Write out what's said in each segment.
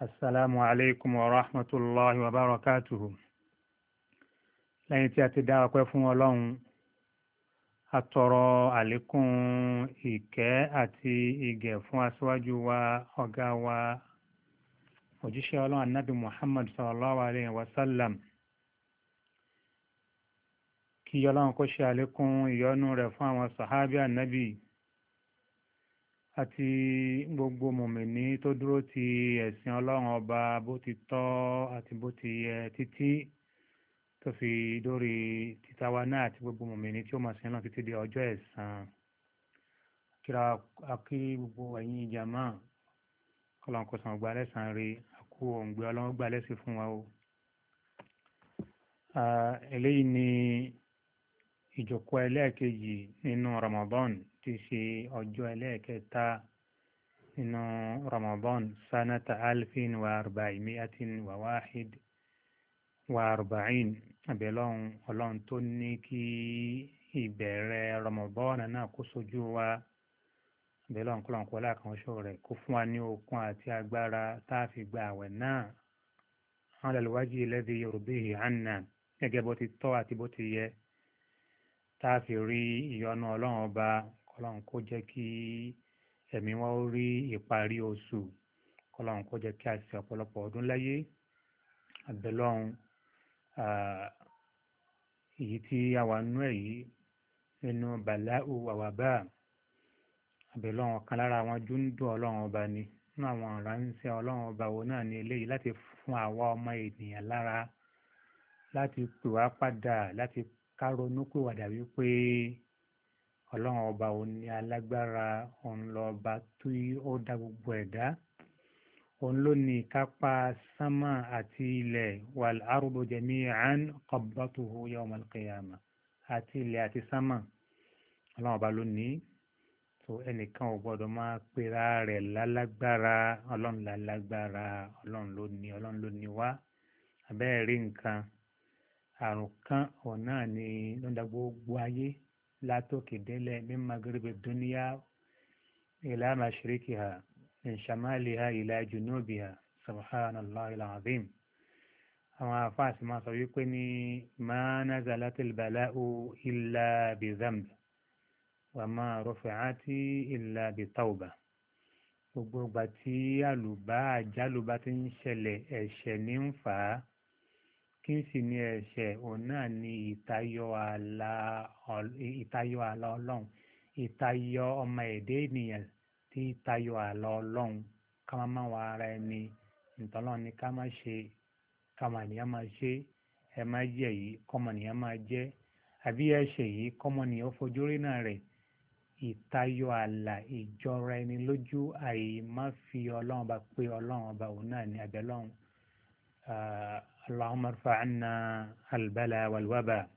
asalaamu aleykum wa rahmatulahi wa barakatuhu lẹ́yìn tí a ti dá ọpẹ́ fún ọlọ́run a tọrọ àlékún ìkẹ́ àti ìgẹ̀ fún aṣáájú wa ọ̀gá wa òjíṣẹ́ ọlọ́run anabi muhammad sallallahu alayhi wa sallam kí ọlọ́run kó ṣe àlékún ìyọ́nú rẹ̀ fún àwọn sàhábì anabi àti gbogbo mọ̀mìnì tó dúró ti ẹ̀sìn ọlọ́run ọba bó ti tọ́ àti bó ti yẹ títí tó fi dórí títawa náà àti gbogbo mọ̀mìnì tí ó máa sin náà títí di ọjọ́ ẹ̀san kíra akí gbogbo ẹ̀yin ìjàmá kọlọ́n kò sàn gba lẹ́sàn rí àkú òǹgbẹ ọlọ́run gba lẹ́sìn fún wa o. eléyìí ni ìjókòó ẹlẹ́ẹ̀kejì nínú Ramadan ti ṣe ọjọ́ ẹlẹ́ẹ̀kẹta nínú Ramadan sanata alfin wa arba'in miatin wa wahid wa arba'in abẹ́lọ́hún ọlọ́run tó ní kí ìbẹ̀rẹ̀ Ramadan náà kó sojú wa bẹ́ẹ̀ lọ́n kọ́lọ́n kọ́lá kan ṣọ́ rẹ̀ kó fún wa ní okun àti agbára tá a fi gba àwẹ̀ náà àwọn àlùwájú ìlẹ́dí yorùbá ìhànà gẹ́gẹ́ bó ti tọ́ àti bó ti yẹ tá a fi rí ìyọ́nú ọlọ́run ọba ọlọ́run kó jẹ́ kí ẹ̀mí wọn ó rí ìparí oṣù ọlọ́run kó jẹ́ kí a ṣe ọ̀pọ̀lọpọ̀ ọdún láyé àbẹ̀lọ́run èyí tí a wà nú ẹ̀ yìí nínú bàláù àwàbà àbẹ̀lọ́run ọ̀kan lára àwọn júndùn ọlọ́run ọba ni nínú àwọn ìránṣẹ́ ọlọ́run ọba wo náà ni eléyìí láti fún àwa ọmọ ènìyàn lára láti pè wá padà láti ká ronú pìwàdà wípé ọlọ́run ọba òun ni alágbára òun lọ́ba tí ó dá gbogbo ẹ̀dá òun ló ní kápá sánmà àti ilẹ̀ wal ardu jami'an qabdatuhu yawmal qiyamah àti ilẹ̀ àti sánmà ọlọ́run ọba ló ní so ẹnìkan ò gbọ́dọ̀ máa pera rẹ̀ lálágbára ọlọ́run lálágbára ọlọ́run ló ní ọlọ́run ló ní wá abẹ́rẹ́ rí nǹkan àrùn kan ọ̀nà ni ló gbogbo ayé látòkè délẹ̀ ní maghrib dúníyà ilá mashrikiha min shamaliha ilá junubiha subhanallah alazim àwọn afáàsì máa sọ wípé ní ma nazalatil bala'u illa bi zamb wa ma rufi'ati illa bi tawba gbogbo ìgbà àlùbá àjálùbá ti ń ṣẹlẹ̀ ẹ̀ṣẹ̀ ní ń fà á kí sì ni ẹ̀ṣẹ̀ òun náà ni ìtayọ àlà ìtayọ àlà ọlọ́run ìtayọ ọmọ èdè ènìyàn tí ìtayọ àlà ọlọ́run ká má máa wọ ara ẹni ìtọ́lọ́run ni ká má ṣe ká má nìyẹn máa ṣe ẹ má jẹ yìí kọ́mọ nìyẹn máa jẹ àbí ẹ̀ṣẹ̀ yìí kọ́mọ nìyẹn fojú rí náà rẹ̀ ìtayọ àlà ìjọra ẹni lójú àìmáfi ọlọ́run bá pé ọlọ́run ọba òun náà ni àbẹ̀lọ́run. اللهم ارفع عنا البلاء والوباء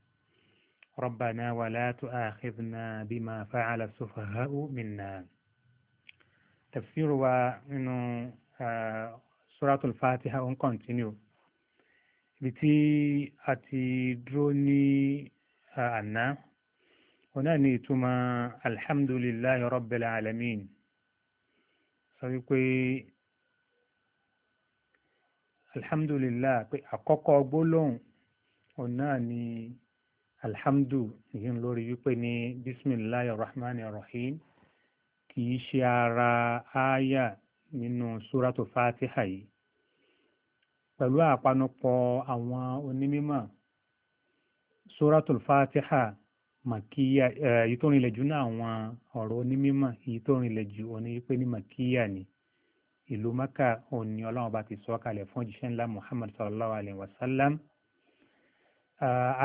ربنا ولا تؤاخذنا بما فعل السفهاء منا تفسير وإنه آه، سورة الفاتحة on continue بتي اتي دروني انا هنا نيتما الحمد لله رب العالمين ìtumọ̀ alhamdulillah pé àkọ́kọ́ gbólóhùn òun náà ni alhamdu yìí ń lórí wípé ní bisimilahi rahman rahim kì í ṣe ara aya nínú suratu fatiha yìí pẹ̀lú àpanupọ̀ àwọn onímọ̀ suratu fatiha màkíyà eh, èyí tó rinlẹ̀ jù náà àwọn ọ̀rọ̀ onímọ̀ èyí tó rinlẹ̀ jù òní wípé ní màkíyà ni ìlú maka òun ni ọlọ́run bá ti sọ kalẹ̀ fún òjíṣẹ́ ńlá muhammad sallallahu alayhi wa sallam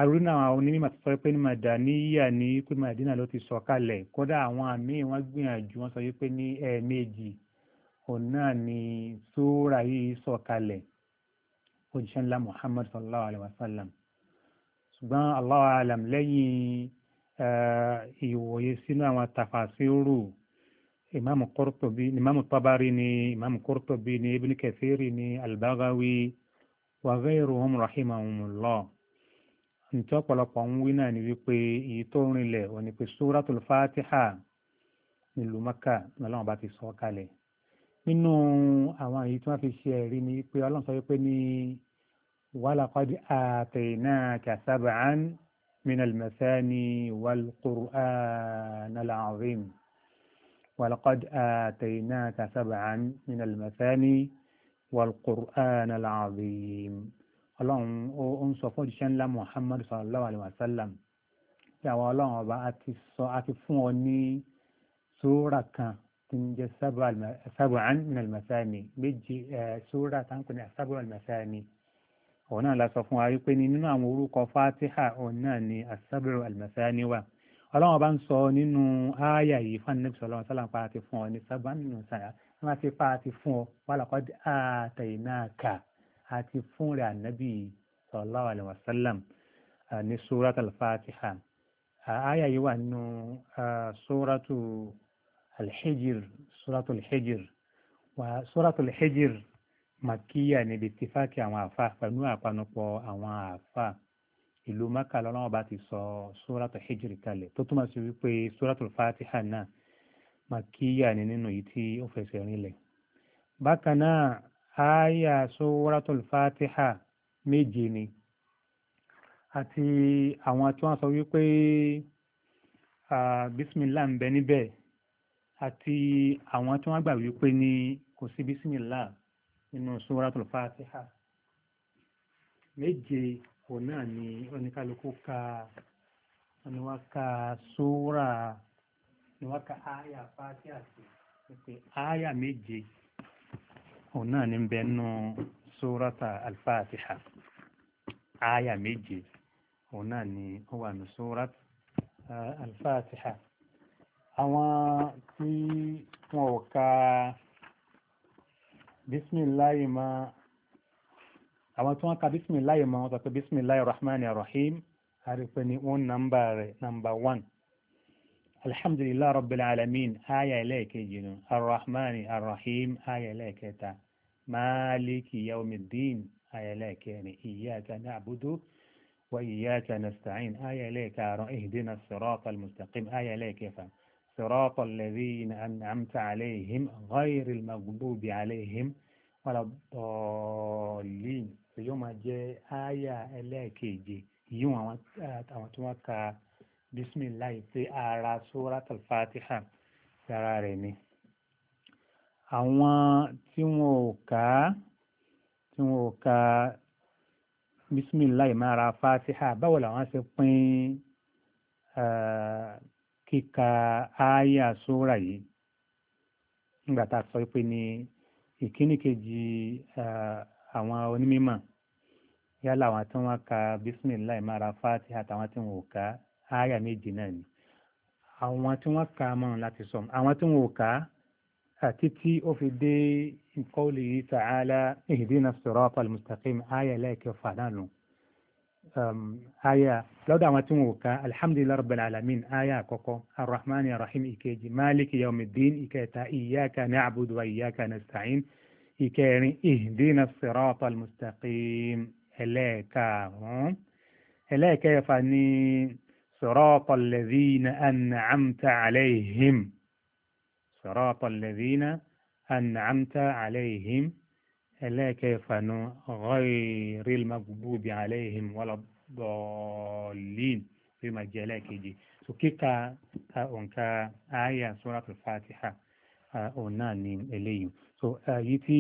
àrùn náà àwọn onímọ̀ ti sọ pé ní madaniya ní pé madina ló ti sọ kalẹ̀ kódà àwọn àmì wọn gbìyànjú wọn sọ pé ní ẹ̀ẹ̀mejì òun náà ni sóra yìí sọ kalẹ̀ òjíṣẹ́ ńlá muhammad sallallahu alayhi wa sallam ṣùgbọ́n Allahu alam lẹ́yìn ìwòye sínú àwọn tafasiru ìmáàmù Qurtubi ni ìmáàmù Tabari ni ìmáàmù Qurtubi ni Ibn Kathiri ni Al-Baghawi wa ghayruhum rahimahumullah ǹtí ọ̀pọ̀lọpọ̀ ń wí náà ni wípé èyí tó rinlẹ̀ ò ní pé Suratul Fatiha nílùú Maka lọ́lọ́run bá ti sọ ọ́ kalẹ̀ nínú àwọn èyí tí wọ́n fi ṣe ẹ̀rí ni pé ọlọ́run sọ wípé ní walaqad ataynaka sab'an minal mathani wal qur'anal azim. ولقد آتيناك سبعا من المثاني والقرآن العظيم ọlọ́run ó ń sọ fún òjíṣẹ́ ńlá muhammad sallallahu alayhi wa sallam tí àwọn ọlọ́run ọba a ti fún ọ ní sóra kan tí ń jẹ́ sábàán minal masani méjì sóra tá ń pè ní sábàán masani òun náà la sọ fún wa wípé nínú àwọn orúkọ fatiha òun náà ni sábàán masani wà ọlọ́run bá ń sọ nínú ááyà yìí fún anabi sọlọ́ wọn sọlá ń para ti fún ọ ní sábà nínú sàrà wọn á ti pa àti fún ọ wàlàkọ́ àtẹ̀yìnáàkà àti fún rẹ̀ anabi sallallahu alaihi wasallam ní surat al-fatiha ááyà yìí wà nínú suratu al-hijr suratu wà suratu al-hijr níbi tìfákì àwọn àfa pẹ̀lú àpanupọ̀ àwọn àfa ìlú maka lọ́wọ́ bá ti sọ sóràtò hijri kalẹ̀ tó túmọ̀ sí wípé sóràtò fatiha náà makiya ni nínú yìí tí ó fẹsẹ̀ rinlẹ̀ bákan náà aya sóràtò fatiha méje ni àti àwọn tí wọ́n sọ wípé bisimilah ń bẹ níbẹ̀ àti àwọn tí wọ́n gbà wípé ní kò sí bisimilah nínú sóràtò fatiha méje òun náà ni oníkálukú ka ni wọ́n ka sóra ni wọ́n ka áyà fáti àti pé áyà méje òun náà ni ń bẹ nù sórata alfatiha áyà méje òun náà ni ó wà nù sórata alfatiha àwọn tí wọn ò ka bisimilayi máa. àwọn tí wọ́n ka bisimilayi mọ́ sọ pé bisimilayi rahman rahim àrífẹ́ ni wọ́n nọ́mbà rẹ̀ nọ́mbà one alhamdulillah rabbil alamin aya ẹlẹ́ẹ̀kejì nù arrahman arrahim aya ẹlẹ́ẹ̀kẹta maliki yawmiddin aya ẹlẹ́ẹ̀kẹrin iyyaka na'budu wa iyyaka nasta'in aya ẹlẹ́ẹ̀karùn ihdina sirata almustaqim aya ẹlẹ́ẹ̀kẹfà صراط الذين أنعمت عليهم غير المغضوب عليهم ولا الضالين yóò máa jẹ́ ááyà ẹlẹ́ẹ̀keje yíwọ̀n àwọn tí wọ́n ka bisimilayi pé ara surat al-fatiha sára rẹ̀ ni àwọn tí wọn ò kà á tí wọn ò kà bisimilayi máa ra fatiha báwo làwọn ṣe pín kíka ááyà sóra yìí nígbà tá a sọ pé ní ìkíníkejì àwọn onímọ̀ yálà àwọn tí wọ́n ka bisimilayi mara fati àtàwọn tí wọ́n ò ka aya méjì náà ni àwọn tí wọ́n ka mọ́rùn láti sọ àwọn tí wọ́n ò ka àti tí ó fi dé qawli ta'ala ihdina sirata al-mustaqim aya lẹ́ẹ̀kẹfà náà aya lọ́dọ̀ àwọn tí wọ́n ò ka alhamdulilayi rabbil alamin aya àkọ́kọ́ arrahman arrahim ìkejì maliki yawmiddin ìkẹta iyyaka na'budu wa iyyaka nasta'in ìkẹrin ihdina sirata al-mustaqim ẹlẹ́ẹ̀karùn-ún ẹlẹ́ẹ̀kẹfà ni sirata alladhina an'amta alayhim sirata alladhina an'amta alayhim ẹlẹ́ẹ̀kẹfà nu ghayril maghdubi alayhim waladdallin fi máa jẹ ẹlẹ́ẹ̀kejì so kíka òǹkà àyà suratul Fatiha òun ni eléyìí so èyí tí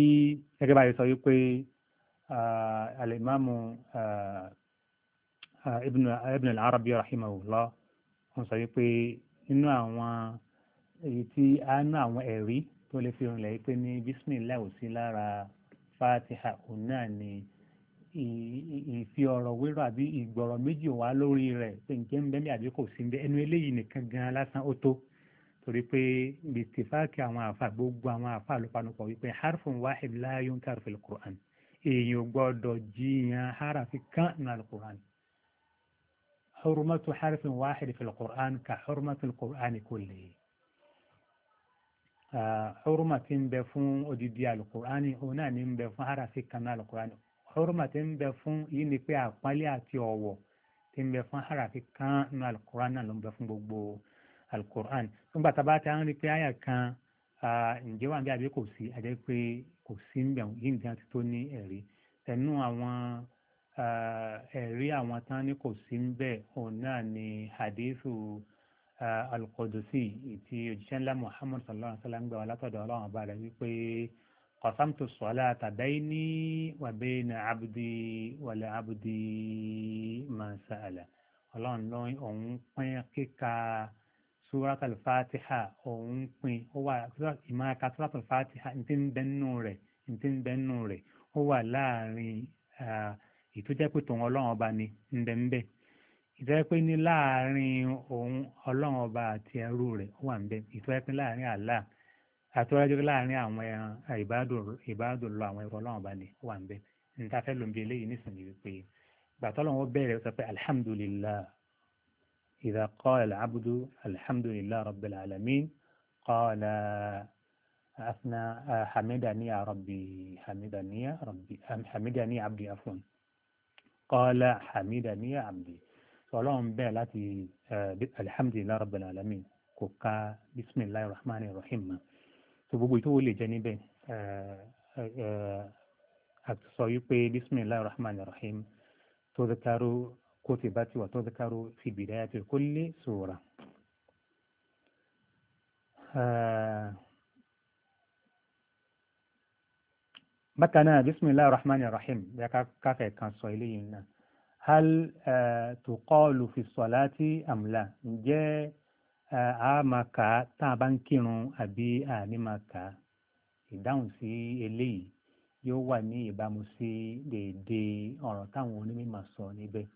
gẹ́gẹ́ báyìí sọ wípé. الإمام ابن ابن العربي رحمه الله wọ́n sọ إنه nínú àwọn أنا tí a nú àwọn ẹ̀rí tó lè fi rìnlẹ̀ pé ní bísímìlá ò sí lára fatiha òun náà ni ìfi ọ̀rọ̀ wérò àbí ìgbọ̀rọ̀ méjì wá lórí rẹ̀ pé ǹjẹ́ ń bẹ́ẹ̀ àbí kò sí ń bẹ́ẹ̀ ẹnu eléyìí nìkan gan lásán ó tó torí pé bìtìfáàkì àwọn àfa gbogbo àwọn àfa ló wípé harfun wahid la yunkar fil èèyàn gbọ́dọ̀ jiyàn harafi kan ní alukur'an hurmatu harfin wahidi fi alukur'an ka hurmatu alukur'an kulli hurma tí ń bẹ fún odidi alukur'an òun náà ní ń bẹ fún harafi kan ní alukur'an hurma tí ń bẹ fún yìí ni pé àpọ́nlé àti ọ̀wọ̀ tí ń bẹ fún harafi kan ní alukur'an náà ló ń bẹ fún gbogbo alukur'an nígbà tá a bá ti ń rí pé àyà kan ǹjẹ́ wà ń bí àbí kò sí àjẹ́ pé kò sí ń bẹ̀ yìí nǹkan ti tó ní ẹ̀rí ẹnu àwọn ẹ̀rí àwọn tán ní kò sí ń òun náà ni hadithu alqodusi ti òjíṣẹ́ ńlá muhammad sallallahu alaihi wa sallam gbà wá látọ̀dọ̀ ọlọ́run ọba rẹ̀ wípé qasamtu salata bayni wa bayna abdi wala abdi ma sa'ala ọlọ́run lọ́yìn òun pín kíka surat al-fatiha òun pin ó wà ìmáa ka surat al-fatiha ní ti ń bẹ́nu rẹ̀ ní ti ń bẹ́nu rẹ̀ ó wà láàrin ìtújẹ́ pé tòun ọlọ́run ọba ni ń bẹ ń bẹ ìtọ́jẹ́ pé ní láàrin òun ọlọ́run ọba àti ẹrú rẹ̀ ó wà ń bẹ ìtọ́jẹ́ pé láàrin Allah àtúwájú láàrin àwọn ẹran ìbádùn lọ àwọn ẹrọ ọlọ́run ọba ni ó wà ń níta fẹ́ lóun bí eléyìí nísìnyí wípé gbàtọ́ lọ́wọ́ bẹ̀rẹ̀ sọ pé alhamdulillah إذا قال العبد الحمد لله رب العالمين قال أثنى حمدني يا ربي حمدني يا ربي حمدني عبدي عفوا قال حمدني يا عبدي فلهم بالتي الحمد لله رب العالمين كوكا بسم الله الرحمن الرحيم سبب يتولي جانبين أتصيب بسم الله الرحمن الرحيم تذكر كتبت وتذكر في بداية كل سورة بكنا بسم الله الرحمن الرحيم كافي كان سويلين هل تقال في الصلاة أم لا جاء àmàkà tá a bá ń kírun àbí ànímàkà ìdáhùn sí eléyìí yóò wà ní ìbámu sí déédéé ọ̀rọ̀ táwọn onímọ̀ sọ níbẹ̀.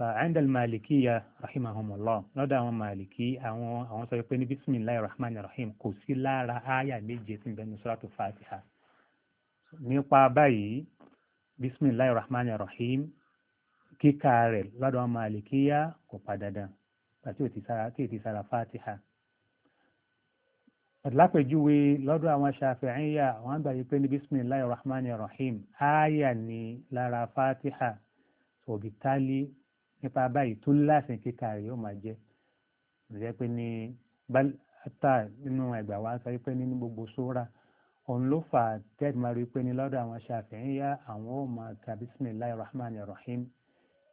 عند المالكية رحمهم الله lọ́dọ̀ àwọn màlìkí àwọn àwọn sọ pé ní bisimilayi rahman rahim kò sí lára àyà méje tí ń bẹ ní suratu fatiha nípa báyìí bisimilayi rahman rahim kíkà rẹ̀ lọ́dọ̀ àwọn màlìkíyà kò pa dandan àti òtí sára fatiha lápèjúwe lọ́dọ̀ àwọn ṣàfihànyà wọ́n gbà pé ní bisimilayi rahman rahim àyà ni lára fatiha òbítálí nípa báyìí tó lásìn kíkà rẹ̀ yóò máa jẹ́ ìjẹ́ pé ní bàtà nínú ẹgbà wa sọ pé nínú gbogbo sóra òun ló fà á tẹ́tí máa rí pé ní lọ́dọ̀ àwọn aṣàfihàn yá àwọn ò máa ka bisimilahi rahman rahim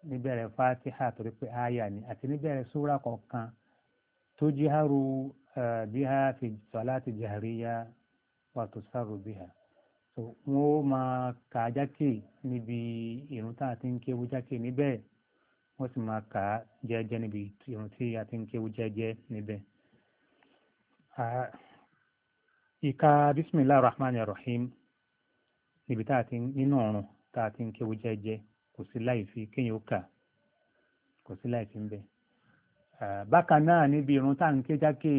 níbẹ̀rẹ̀ fatiha torí pé aya ni àti níbẹ̀rẹ̀ sóra kọ̀ọ̀kan tó jíharu bíhá fi salati jahriya wa tusaru bíhá wọn ó máa kà á jákè níbi ìrún tá a ti ń kéwu jákè níbẹ̀ wọ́n sì máa kà á jẹ́jẹ́ níbi ìrùn tí a ti ń kéwú jẹ́jẹ́ níbẹ̀. ìka bisimilah rahman rahim níbi tá a ti nínú ọ̀run tá a ti ń kéwú jẹ́jẹ́ kò sí láì fi kéèyàn ó kà kò sí láì fi ń bẹ̀. bákan náà níbi ìrùn tá à ń ké jákè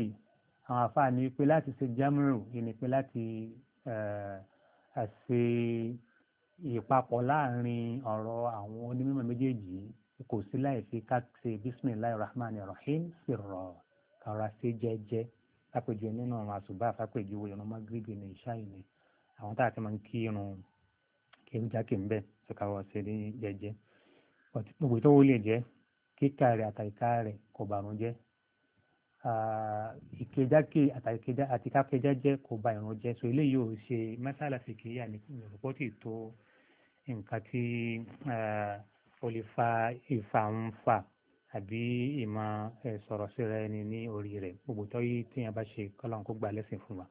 àwọn àfààní pé láti ṣe jámúrù ìní pé láti ṣe ìpapọ̀ láàrin ọ̀rọ̀ àwọn onímọ̀ méjèèjì yìí kò sí láìsí ká ṣe bisimilahi rahman rahim sirọ kàrà sí jẹjẹ fàpèjì nínú ọ̀run àṣùbà fàpèjì wo ìrun magribi ní ìṣáì ni àwọn tá a ti máa ń kí irun kí n jákè ń bẹ sọkàwọ ṣe ní jẹjẹ gbogbo tó wọlé jẹ kíkà rẹ àtàríkà rẹ kò bàrún jẹ ìkejàke àtàkejá àti kákejàjẹ kò ba ìrun jẹ́ so eléyìí ò ṣe mẹsàlá sì ní ìrùpọ̀ tó nǹkan tí ó lè fa ìfàǹfà àbí ìmọ̀ sọ̀rọ̀ síra ẹni ní orí rẹ̀ gbogbo tó yí tí yẹn bá ṣe kọ́lọ́n kó gbà lẹ́sìn fún wa.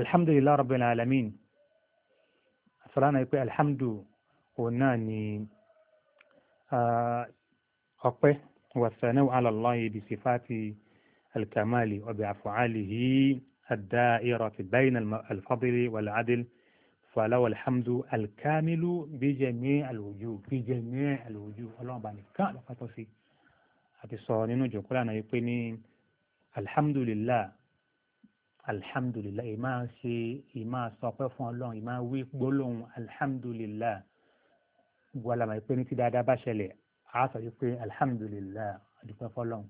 alhamdulilayi rabbil alamin afọlánà yìí pé alhamdu òun náà ni ọpẹ́ wasanáwó alàlọ́yé bí sifaati alkamali ọbẹ̀ àfọ̀hálì yìí àdá ìrọ̀tì báyìí alfadili wàlàdìlì. فله الحمد الكامل بجميع الوجوه بجميع الوجوه اللهم بارك كان لقطسي àti sọ nínú ìjòkó lánàá yìí pé ní alhamdulillah alhamdulillah yìí máa ṣe yìí máa sọ pé fún ọlọ́run yìí máa wí gbólóhùn alhamdulillah gbogbo àlàmà yìí pé ní tí dáadáa bá ṣẹlẹ̀ á sọ yìí pé alhamdulillah àdúpẹ́ fọlọ́run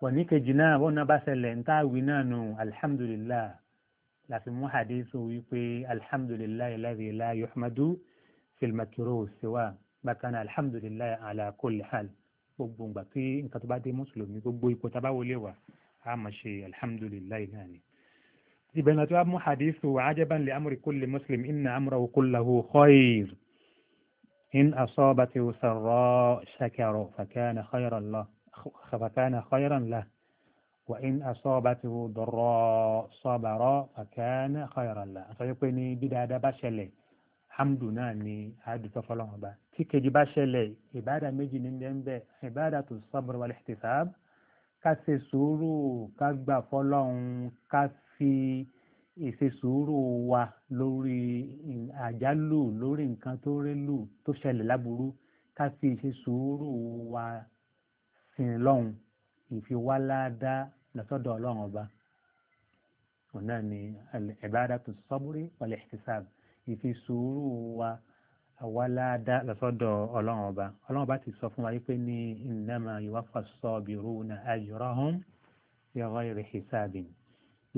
wọ́n ní kejì náà wọ́n náà bá ṣẹlẹ̀ ń tá náà nù alhamdulillah láti mú hadithu wípé alhamdulilayi láti la yuhmadu filmakiro siwa bákan náà alhamdulilayi ala kulli hal gbogbo ngbà tí nǹkan tó bá dé mùsùlùmí gbogbo ipò tá a bá wọlé wà á mọ̀ ṣe alhamdulilayi náà ni. ibẹ̀ náà tó bá mú hadithu ajaban li amri kulli muslim inna amrahu kullahu khair in asabati sarra shakara fakana khayran lahu فكان خيرا له وإن أصابته ضراء sabara fakana khayran la sọ pé ní bí dáadáa bá ṣẹlẹ̀ hamdu náà ni àádùtọ́ fọlọ́run ọba tí kejì bá ṣẹlẹ̀ ìbáàdà méjì ní bẹ́ẹ̀ bẹ́ẹ̀ ìbáàdà tó sabr wal ihtisab ká ṣe sùúrù ká gbà fọlọ́run ká fi ìṣe sùúrù wa lórí àjálù lórí nǹkan tó rélù tó ṣẹlẹ̀ láburú ká fi ìṣe sùúrù wa sìn lọ́hùn ìfiwáládá lọ́sọ́dọ̀ ọlọ́run ọba òun náà ni al-ibadatu sabri wal-ihtisab ìfi sùúrù wa àwáláàdá lọ́sọ́dọ̀ ọlọ́run ọba ọlọ́run ọba ti sọ fún wa wípé ní innama yuwaffa as-sabiruna ajrahum bighayri hisabin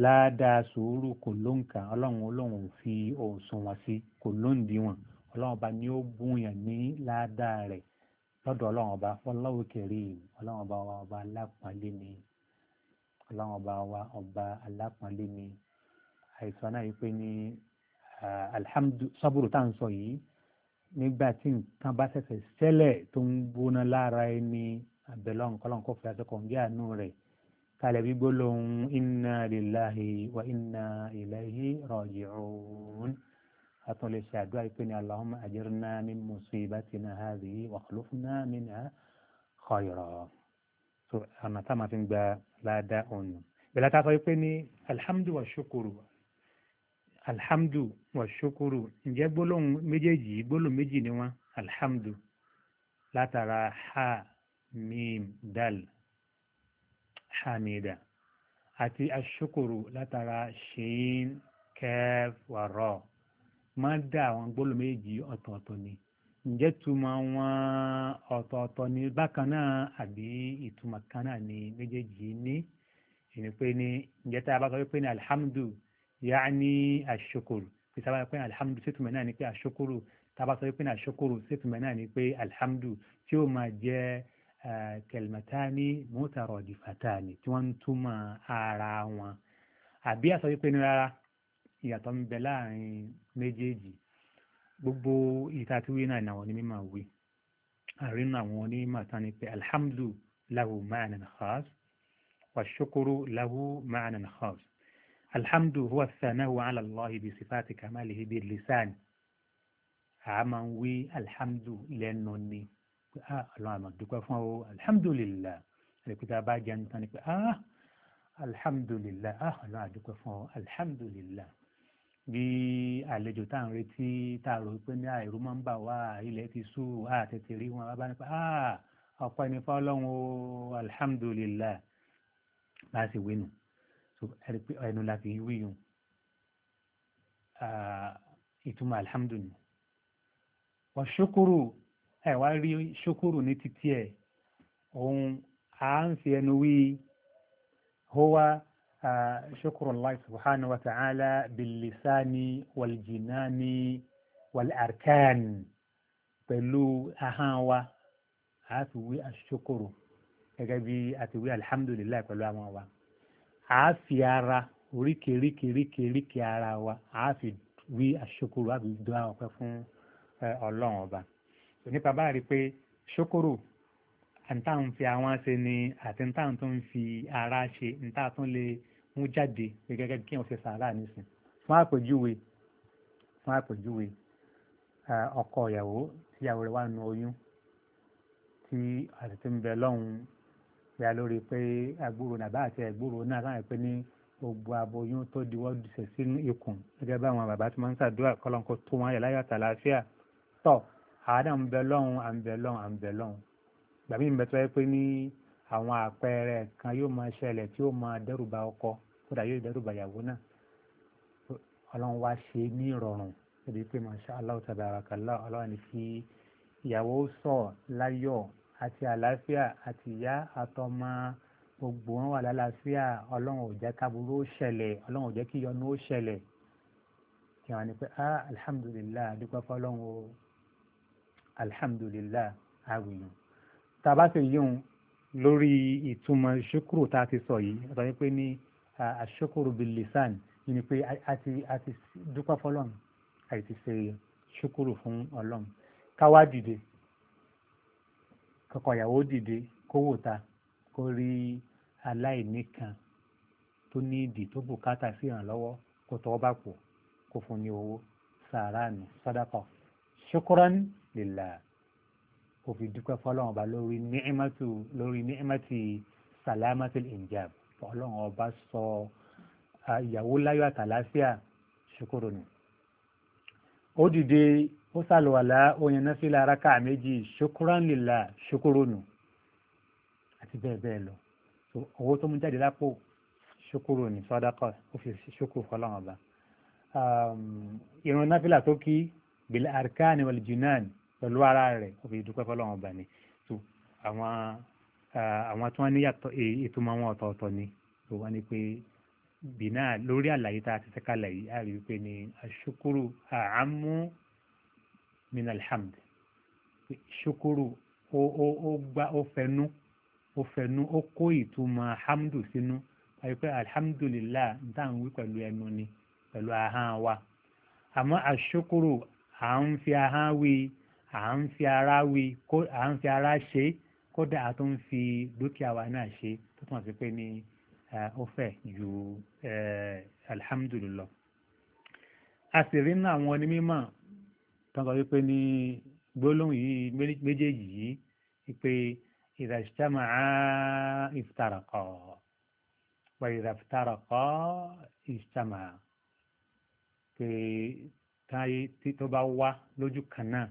ládàá sùúrù kò ló ń kà ọlọ́run olóhùn fi òsùn wọn sí kò ló ń di ni ó búyàn ní ládàá rẹ̀ lọ́dọ̀ ọlọ́run ọba wallahu ni ọlọ́run ọba wa ọba alápọ̀nlé ni àìsàn náà wípé ní alhamdu sọ́bùrù tá à ń sọ yìí nígbà tí nǹkan bá ṣẹ̀ṣẹ̀ ṣẹlẹ̀ tó ń gbóná lára ẹni àbẹ̀lọ́ nǹkan kó fi àṣekọ̀ ní àánú rẹ̀ kalẹ̀ gbígbó lóhun inna lillahi wa inna ilayhi raji'un àtún lè ṣe àdúrà ìpè ní allahumma ajirna min musibatina hadhihi wa akhlifna minha khayra so ọ̀nà tá a máa fi gba ládàá ọ̀nà bẹ̀rẹ̀ ká sọ pé ní alhamdu wa shukuru alhamdu wa shukuru ǹjẹ́ gbólóhùn méjèèjì gbólóhùn méjì ni wọ́n alhamdu látara ha mim dal hamida àti ashukuru látara shin kẹf wà rọ máa dá àwọn gbólóhùn méjì ọ̀tọ̀ọ̀tọ̀ ni ǹjẹ́ túmọ̀ wọn ọ̀tọ̀ọ̀tọ̀ ni bákan náà àbí ìtumọ̀ kan náà ni méjèèjì ní ìní pé ní ǹjẹ́ tá a bá sọ pé ní alihamudu yaani asokoro tí a bá sọ pé ní alihamudu sétúmọ̀ náà ni pé asokoro tá a bá sọ pé ní asokoro sétúmọ̀ náà ni pé alihamudu tí ó máa jẹ́ kẹlìmọ̀tání mọ́tàrọ̀dìfàtàní tí wọ́n ń túmọ̀ ara wọn àbí àsọ ní rárá ìyàtọ̀ ń bẹ láàrin méjèèjì gbogbo ìta tí wí náà ni àwọn onímọ̀ wí àrínú àwọn onímọ̀ tán ni pé alhamdu lahu ma'anan khas wa shukuru lahu ma'anan khas alhamdu huwa sanahu ala allahi bi sifati kamalihi bi lisan a máa ń wí alhamdu lẹ́nu ni pé ah ọlọ́run àmọ̀ dúpẹ́ fún ọ alhamdulillah àdìpútà bá jẹun tán ni pé ah alhamdulillah ah ọlọ́run àdúpẹ́ fún ọ alhamdulillah bí àlejò tá à ń retí tá a rò pé ní àìró máa ń bà wá ilẹ̀ ti sú a tètè rí wọn bá nípa ọ̀pọ̀ ẹni fọ́ ọlọ́run o alhamdulillah bá a sì wé nù ẹnu la fi wí yun ìtumọ̀ alhamdulillah wọ́n ṣukuru ẹ̀ wá rí ṣukuru ní títí ẹ̀ òun à ń fi ẹnu wí hóa. شكر الله سبحانه وتعالى باللسان والجنان والأركان pẹ̀lú ahọ́n wa a fi wí aṣokoro gẹ́gẹ́ bí a ti wí alihamudulilayi pẹ̀lú àwọn wa a fi ara oríkèéríkèéríkèéríkèé ara wa a fi wí aṣokoro a fi dọ́ àwọn ọpẹ́ fún ọlọ́run ọba nípa báyìí rí i pé ṣokoro àǹtá ń fi àwọn ṣe ni àti ǹtá tó ń fi ara ṣe ǹtá tó lè mú jáde gẹ́gẹ́ kí wọ́n ṣe sàárà nísìn fún àpèjúwe fún àpèjúwe ọkọ ìyàwó tíyàwó rẹ̀ wà nù oyún tí àtẹ̀tẹ̀ ń bẹ lọ́hùn bẹ́ẹ̀ lórí pé àgbúrò nàbá àti àgbúrò náà láwọn pé ní gbogbo aboyún tó diwọ́ dùsẹ̀ sínú ikùn gẹ́gẹ́ bá àwọn bàbá tí wọ́n ń ṣàdúrà kọ́lọ́nkó tó wọn yẹ láyọ̀ àtàlàáfíà tọ̀ àádọ́ ń bẹ lọ́hùn à ń bẹ lọ́hùn à ń bẹ lọ́hùn ìgbà míì bẹ́ẹ̀ tó yẹ pé ní àwọn àpẹẹrẹ kan yóò máa ṣẹlẹ̀ tí yóò máa dẹ́rùbà ọkọ kódà yóò dẹ́rùbà ìyàwó náà ọlọ́run wá ṣe ní ìrọ̀rùn níbi pé masha allah tabarakallah ọlọ́run ní kí ìyàwó sọ láyọ̀ àti àlàáfíà àti ìyá àtọmọ gbogbo wọn wà lálàáfíà ọlọ́run ò jẹ́ káburú ó ṣẹlẹ̀ ọlọ́run ò jẹ́ kí ìyọnu ó ṣẹlẹ̀ kí wọn pé ah alhamdulillah dúpẹ́ fọlọ́run o alhamdulillah àwìyàn tá a bá ṣe yíyún lórí ìtumọ̀ ṣukuru tá a ti sọ yìí ọ̀tọ̀ ni pé ní àṣukuru bilisan yìí ni pé a ti dúpẹ́ fọlọ́n a ti ṣe ṣukuru fún ọlọ́n káwá dìde kọkọ ìyàwó dìde kó wò ta kó rí aláìní kan tó ní ìdí tó bùkátà sí ìrànlọ́wọ́ kó tọwọ́ bá pò kó fún ní owó sàárà ní sàdákà ṣukuran lillah kò fi dúpẹ́ fọlọ́run ọba lórí ni'matu lórí ni'mati salamatul injab fọlọ́run ọba sọ ìyàwó láyọ̀ àtàlàáfíà ṣukúrò nù. ó dìde ó sàlùwàlá oyin náà sí lára ká méjì ṣukúrán lillah ṣukúrò nù àti bẹ́ẹ̀ bẹ́ẹ̀ lọ owó tó mú jáde lápò ṣukúrò nù sọ́dákọ̀ ó fi fọlọ́run ọba. ìrun náfìlà tó kí bil arkani wal junan pẹ̀lú ara rẹ̀ ó fi dúpẹ́ fọlọ́run ọba ni tó àwọn àwọn tí wọ́n ní yàtọ̀ ìtumọ̀ wọn ọ̀tọ̀ọ̀tọ̀ ni tó wọ́n ní pé bìnà lórí àlàyé tá a ti sẹ́kàlà yìí a rí i pé ní aṣukuru àámú min alhamd ṣukuru ó ó ó gbá ó fẹnu ó fẹnu ó kó ìtumọ̀ hamdu sínú àyè pé alhamdulillah n tá à ń wí pẹ̀lú ẹnu ni pẹ̀lú ahọ́n wa àmọ́ aṣukuru à ń fi ahọ́n wí à ń fi ara wí kó à ń fi ara ṣe kódà a tó ń fi dúkìá wa náà ṣe tó túmọ̀ sí pé ní ó fẹ̀ ju alhamdulillah a sì rí nínú àwọn onímọ̀ tó ń sọ wípé ní gbólóhùn yìí méjèèjì yìí wípé idha ijtama'a iftaraqa wa idha pé tó bá wá lójú kan náà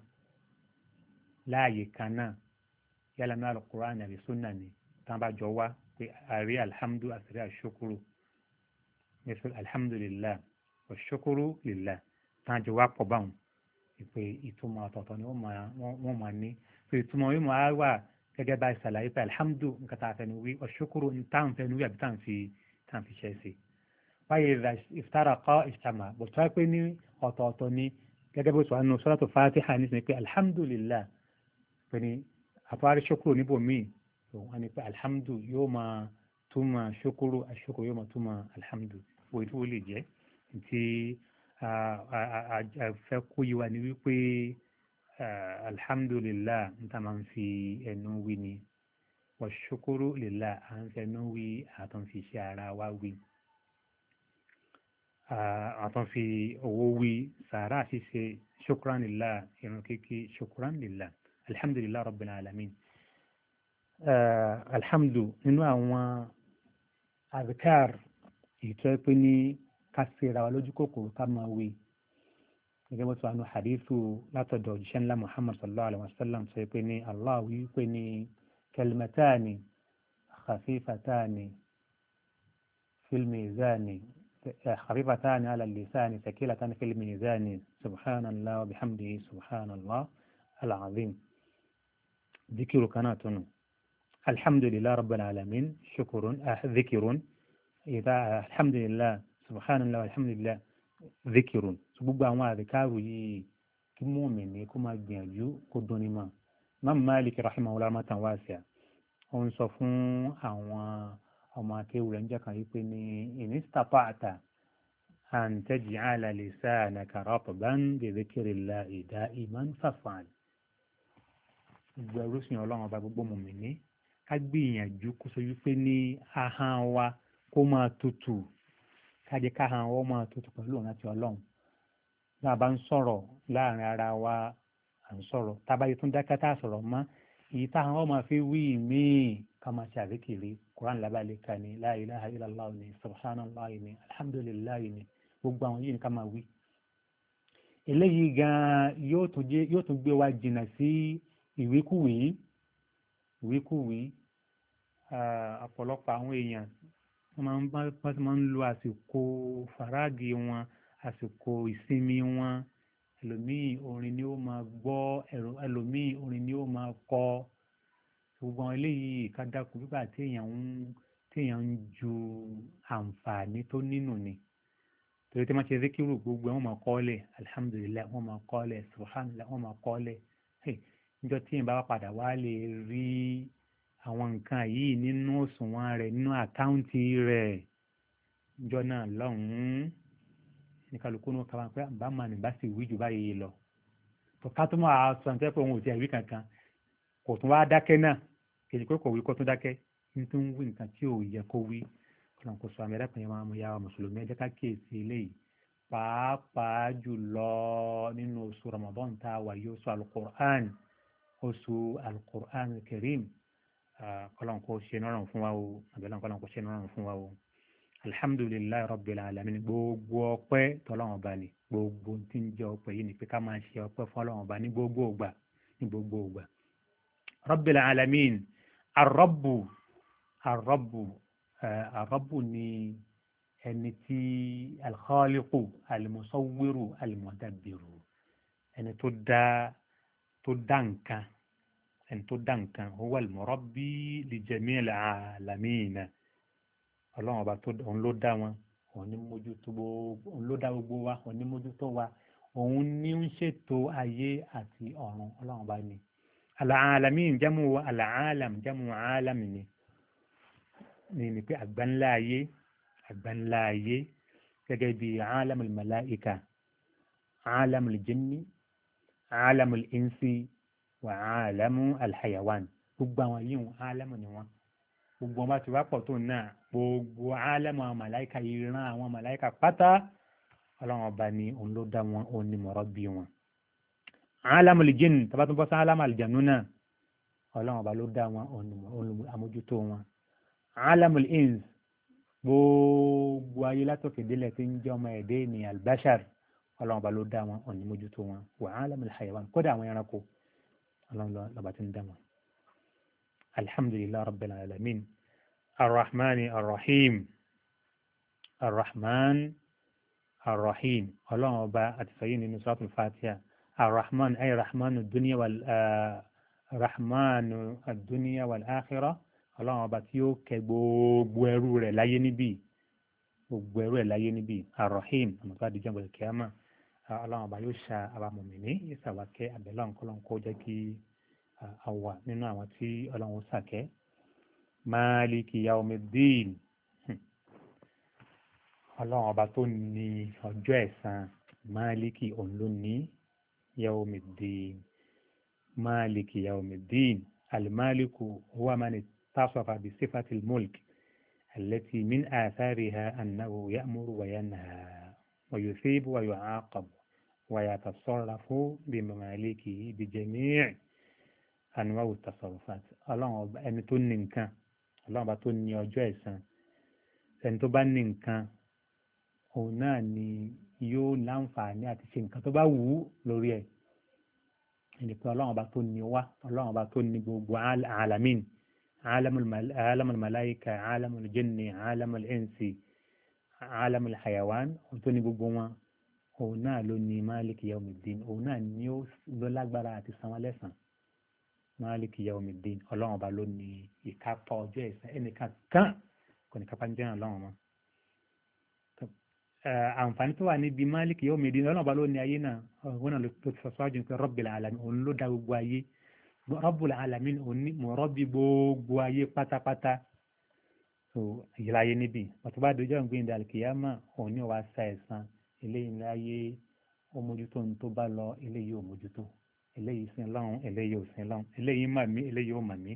láàyè kan náà yálà náà alukur'an àbí sunna ni tán bá jọ wá pé àrí alhamdu àṣírí àṣukuru mẹsàn alhamdulillah àṣukuru lillah tán jọ wá pọ̀ báwọn ìpè ìtumọ̀ ọ̀tọ̀ọ̀tọ̀ ni wọ́n máa ní pé ìtumọ̀ yìí máa wà gẹ́gẹ́ bá ìṣàlàyé pé alhamdu nǹkan tá a fẹnu wí àṣukuru ní tá à ń fẹnu wí àbí tá à ń fi ṣe é sí báyìí ìfitáraqá ìṣàmà bọ̀tọ́ pé ní ọ̀tọ̀ọ̀tọ̀ ni gẹ́gẹ́ bó sọ àánú sọ́dọ̀ tó fàá ní sinmi pé alhamdulillah pé ní afárí ṣókòrò níbò míì wọn ni pé alhamdu yóò máa túmọ̀ ṣókòrò aṣókòrò yóò máa túmọ̀ alhamdu wo ìtú ó lè jẹ́ tí àfẹ́ kó yí wa ni wípé alhamdulillah níta máa ń fi ẹnu wí ni wọ́n ṣókòrò lillah à ń fẹnu wí àtúnfiṣẹ́ ara wa wí àtàn fi owó wí sàárà ṣíṣe ṣokran irun kíkí ṣokran الحمد لله رب العالمين nínú àwọn azkar ìtọ́ pé ní ká ṣera wa lójú kòkòrò ká máa wí gẹ́gẹ́ bó ti wà nù hadithu látọ̀dọ̀ òjíṣẹ́ ńlá muhammad sallallahu alayhi wa sallam sọ pé ní allah wí pé ní kalimatani khafifatani في الميزان خفيفتان على اللسان ثقيلتان في الميزان سبحان الله وبحمده سبحان الله العظيم ذكر كناتون الحمد لله رب العالمين شكر ذكر إذا الحمد لله سبحان الله والحمد لله ذكر gbogbo àwọn àdìkáàrò yìí kí mọ́mìnì kó máa gbìyànjú kó dunni mọ́ Imam Malik rahimahullah rahmatan wasi'a ó ń sọ fún àwọn ọmọ akéwù rẹ̀ níjọ́ kan yìí pé ní in istata'ta an taj'ala lisanaka ratban bi dhikrillahi da'iman faf'al gbogbo ẹrúsìn ọlọ́run ọba gbogbo mùmíní ká gbìyànjú kó sojú pé ní ahọ́n wa kó máa tutù ká jẹ́ káhọ́n wa máa tutù pẹ̀lú òun àti ọlọ́run tá a bá ń sọ̀rọ̀ láàrin ara wa à ń sọ̀rọ̀ tá a bá yẹ tó ń dákẹ́ tá a sọ̀rọ̀ mọ́ èyí táwọn wa máa fi wí míì ká máa ṣe àríkìrí Quran labalẹ̀ ká ní la ilaha illallah ní subhanallah ní alhamdulillah ní gbogbo àwọn yìí ní ká máa wí eléyìí gan yóò tún gbé wa jìnnà sí ìwíkúwìí ìwíkúwìí ọ̀pọ̀lọpọ̀ àwọn èèyàn wọ́n máa ń bá wọ́n ti máa ń lo àsìkò fàráàgì wọn àsìkò ìsinmi wọn ẹlòmíì orin ni ó máa gbọ́ ẹlòmíì orin ni ó máa kọ gbogbo àwọn eléyìí ká dákun nígbà tí èèyàn ń tí èèyàn ń ju àǹfààní tó nínú ni torí tí wọ́n ṣe zikiru gbogbo wọn máa kọ́ lẹ̀ alhamdulilayi wọ́n máa kọ́ lẹ̀ subhanallah wọ́n máa kọ́ lẹ̀ níjọ́ tí èèyàn bá padà wá lè rí àwọn nǹkan yìí nínú òṣùwọ̀n rẹ̀ nínú àkáǹtì rẹ̀ níjọ́ náà lọ́hùn-ún ní kálukú ní kàwọn pé bá máa nìbá sì wí jù báyìí lọ tó ká tó máa sọ nítorí pé òun ò tiẹ̀ wí kankan kò tún wá dákẹ́ náà kejì pé kò wí kó tún dákẹ́ nítorí ń wí nǹkan tí ò yẹ kó wí ọlọ́run kò sọ àmì ẹ̀dá kan yẹn máa mùsùlùmí ẹ jẹ́ eléyìí pàápàá jùlọ nínú oṣù Ramadan tá a wà yóò sọ Al-Qur'an oṣù alukur'an kareem kọ́lọ́n kó ṣe nọ́rọ̀ fún wa o àbẹ̀lẹ́ kọ́lọ́n kó ṣe nọ́rọ̀ fún wa o alhamdulilayi rabbil alamin gbogbo ọpẹ́ tọ́lọ́run ọba ni gbogbo tí ń jẹ ọpẹ́ yìí ni pé ká máa ṣe ọpẹ́ fọ́lọ́run ọba ní gbogbo ògbà ní gbogbo ògbà rabbil alamin arọbù arọbù arọbù ni ẹni tí alkhaliqu alimusawiru alimudabbiru ẹni tó dá tó dá nǹkan ẹni tó dá nǹkan huwa al-murabbi li jami'il alamina ọlọ́run ọba tó òun ló dá wọn òun ní mójútó gbogbo òun ló dá gbogbo wa òun ní mójútó wa òun ní ń ṣètò ayé àti ọ̀run ọlọ́run ọba ni al-alamin jámù al-alam jámù alam ni ni ni pé àgbáńlá ayé àgbáńlá ayé gẹ́gẹ́ bí alamul malaika alamul jinni alamul insi wà á àlámú alhayawan gbogbo àwọn yìí ń álámù ni wọn gbogbo wọn bá ti wá pọ̀ tó náà gbogbo álámù àwọn màláìka ìran àwọn màláìka pátá ọlọ́run ọba ni òun ló dá wọn òun ni mọ̀rọ́ bí wọn. álámù lìjìn tàbá tó bọ́ sí álámù àlìjànú náà ọlọ́run ọba ló dá wọn òun ni àmójútó wọn. álámù ins gbogbo ayé látòkè délẹ̀ tí ń jẹ́ ọmọ ẹ̀dẹ́ ènìyàn albashar ọlọ́run ọba ló dá wọn òun ni mójútó wọn. wà álámù kódà àwọn ẹranko الله لباتن دما الحمد لله رب العالمين الرحمن الرحيم الرحمن الرحيم الله با اتفين ان سوره الفاتحه الرحمن اي رحمن الدنيا وال آه، رحمن الدنيا والاخره الله با تيو كبو بويرو ري لاي ني بي بويرو لاي ني بي الرحيم ما بعد جنب الكيامه ọlọ́run ọba yóò ṣa àwa mọ̀mìnì ìsàwákẹ́ àbẹ̀lọ́run kọ́lọ́run kó jẹ́ kí a wà nínú àwọn tí ọlọ́run sàkẹ́ máàlìkì yaomiddin ọlọ́run ọba tó ní ọjọ́ ẹ̀san máàlìkì òun ló ní yaomiddin máàlìkì yaomiddin alimálìkù huwa mani tasofa bi sifatil mulk التي من آثارها أنه يأمر وينهى ويثيب ويعاقب ويتصرف بمماليكه بجميع أنواع التصرفات الله أن تنين كان الله بتنين يوجو إسان ẹni tó bá ní nǹkan òun náà ni yóò láǹfààní àti ṣe nǹkan tó bá wù ú lórí ẹ̀ ẹni pé ọlọ́run ọba tó ní wá ọlọ́run ọba tó ní gbogbo alamin alamul malaika alamul jinni alamul insi alamul hayawan tó ní gbogbo wọn òun náà ló ní máàlìkì yawmiddin òun náà ni ó lọ lágbára àti sanwó lẹ́sàn máàlìkì yawmiddin ọlọ́run ọba ló ní ìkápá ọjọ́ ẹ̀san ẹnìkan kan kò ní kápá ń jẹ́ràn ọlọ́run mọ́. àǹfààní tó wà níbi máàlìkì yawmiddin ọlọ́run ọba ló ní ayé náà òun náà ló ti sọ síwájú pé rabbil alamin òun ló dá gbogbo ayé rabbul alamin òun ní mo rọ́bì gbogbo ayé pátápátá ìyíláyé níbi ọ̀tún bá dojú ọ̀gbìn ìdàlùkìyàmà eléyìí ní ayé ó mójútó ní tó bá lọ eléyìí ò mójútó eléyìí sin lọ́hùn eléyìí ò sin lọ́hùn eléyìí mà mí eléyìí ò mà mí.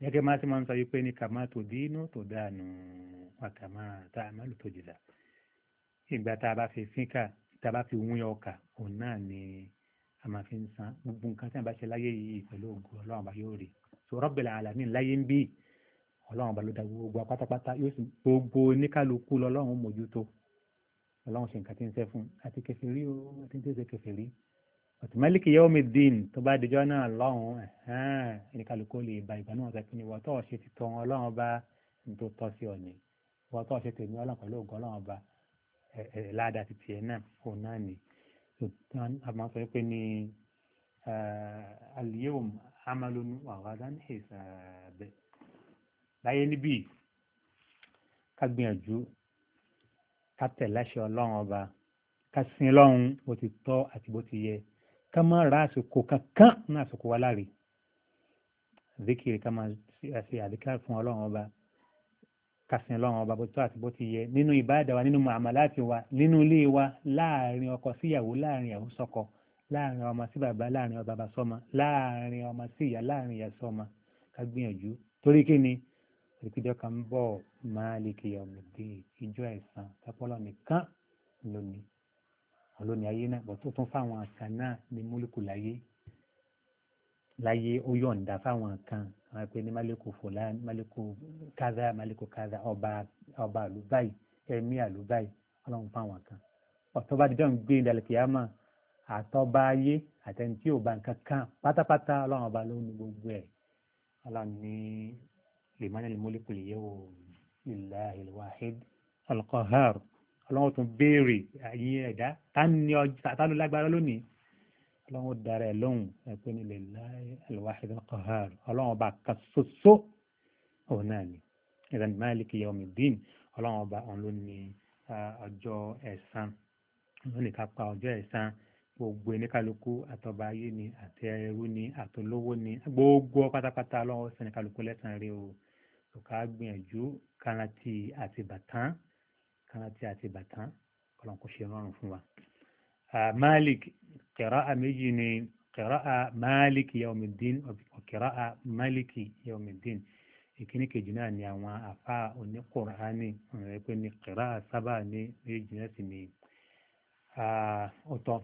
gẹ́gẹ́ máa ti máa ń sọ wípé ní kàmá tó dínú tó dànù àkàmá tá a máa lò tó jìlá ìgbà tá a bá fi fínká tá a bá fi wún ọkà òun náà ni a máa fi ń san gbogbo nǹkan tí a bá ṣe láyé yìí pẹ̀lú ògùn ọlọ́run bá yóò rí so Rabbil alamin láyé ń bí ọlọ́run bá ló da gbogbo pátápátá yóò sì gbogbo oníkálukú lọ́lọ́run mójútó ọlọ́run ṣe nǹkan tí ń ṣe fún àti kẹfìrí o àti tí ń ṣe kẹfìrí ọ̀tùmẹ́lìkì yẹ́wò mi dín tó bá dijọ́ náà lọ́hùn ẹ̀hán ẹnìkàlùkù lè ba ìgbà náà sọ pé ní wọ́n tó ṣe ti tọ́ wọn ọlọ́run bá ń tó tọ́ sí ọ̀nì wọ́n tó ṣe tèmi ọlọ́run pẹ̀lú ògùn ọlọ́run bá ẹ̀ ládàá ti tiẹ̀ náà òun náà ni àmọ́ pé ní al-yawm amalun wa ká tẹ̀láṣẹ ọlọ́run ọba ká sin ọlọ́run bó ti tọ́ àti bó ti yẹ ká má ra àsìkò kankan ní àsìkò wa láre zikiri ká máa ṣe àdíkà fún ọlọ́run ọba ká sin ọlọ́run ọba bó ti tọ́ àti bó ti yẹ nínú ìbáàdà wa nínú màmálàtì wa nínú ilé wa láàrin ọkọ síyàwó láàrin ìyàwó sọ́kọ láàrin ọmọ sí bàbá láàrin ọba bàbá sọ́mọ láàrin ọmọ sí ìyá láàrin ìyá sọ́mọ ká gbìyànjú torí kí ni ìpíjọ́ kan ń bọ̀ máàlìkì ọ̀mìdì ìjọ ẹ̀san tọ́pọ́lọ́ nìkan lónìí olónìí ayé náà bọ́tò tún fáwọn kan náà ní múlùkù láyé láyé ó yọ̀ǹda fáwọn kan àwọn ẹgbẹ́ ní málẹ́kù fòlá málẹ́kù káza málẹ́kù káza ọba ọba àlùbáyì ẹ̀mí àlùbáyì ọlọ́run fáwọn kan ọ̀tọ́ba dídọ́ ń gbé ìdàlùkìyàmọ̀ àtọ́ba ayé àtẹnití ò bá nǹkan kan pátápátá ọlọ́run ọba ló ní gbogbo ẹ̀ ọlọ́run ní لمن الملك اليوم al الواحد lillahi al-wahid al-qahhar ọlọ́run tún béèrè ayé ẹ̀dá ta ló lágbára lónìí ọlọ́run dára ẹ̀ lóhùn ẹ̀pẹ́ ní lillahi al-wahid al-qahhar ọlọ́run ọba kan ṣoṣo òun náà ni ìdánimọ̀ maliki yawmiddin ọlọ́run ọba òun ló ní ọjọ́ ẹ̀san ló lè kápá ọjọ́ ẹ̀san gbogbo ẹnikálukú àtọba ayé ni àti ẹrú ni àtolówó ni gbogbo pátápátá ọlọ́run ó sẹ́ni kálukú lẹ́san rí o so ká gbìyànjú kárántì àti bàtán kárántì àti bàtán ọlọ́run kò ṣe rọrùn fún wa. malik qira'a méjì ni qira'a malik yawmiddin qira'a maliki yawmiddin ìkíní kejì náà ni àwọn àfa oníkùránì ọ̀rọ̀ ẹgbẹ́ ni qira'a sábà ní méjì náà sì ni ọ̀tọ̀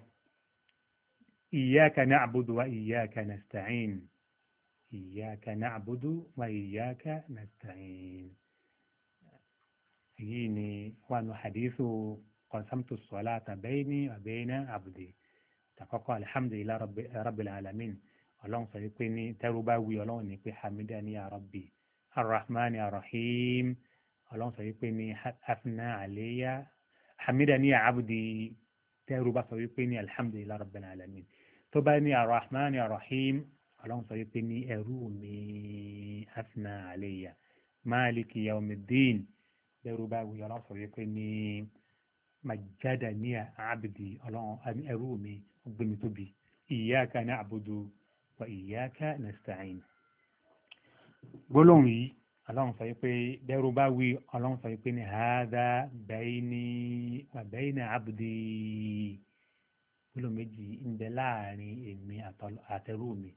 iyyaka na'budu wa iyyaka nasta'in. إياك نعبد وإياك نستعين هيني وانو حديث قسمت الصلاة بيني وبين عبدي تقوى الحمد لله رب, رب العالمين اللهم صدقني تربوي اللهم نكوي حمدني يا ربي الرحمن الرحيم اللهم صدقني أفنى علي حمدني يا عبدي تربى صدقني الحمد لله رب العالمين تباني الرحمن الرحيم ọlọ́run sọ wípé ní ẹrú mi asna àlẹyà máàlìkì yaomiddin lẹ́rú báwí ọlọ́run sọ wípé ní majada ní abdi ọlọ́run ẹrú mi gbẹmí tóbi iyyaka na'budu wa iyyaka nasta'in. gbólóhùn yìí ọlọ́run sọ wípé lẹ́rú báwí ọlọ́run sọ wípé ní hadha bayni wa bayna gbólóhùn méjì ń bẹ láàrin èmi àtẹrú mi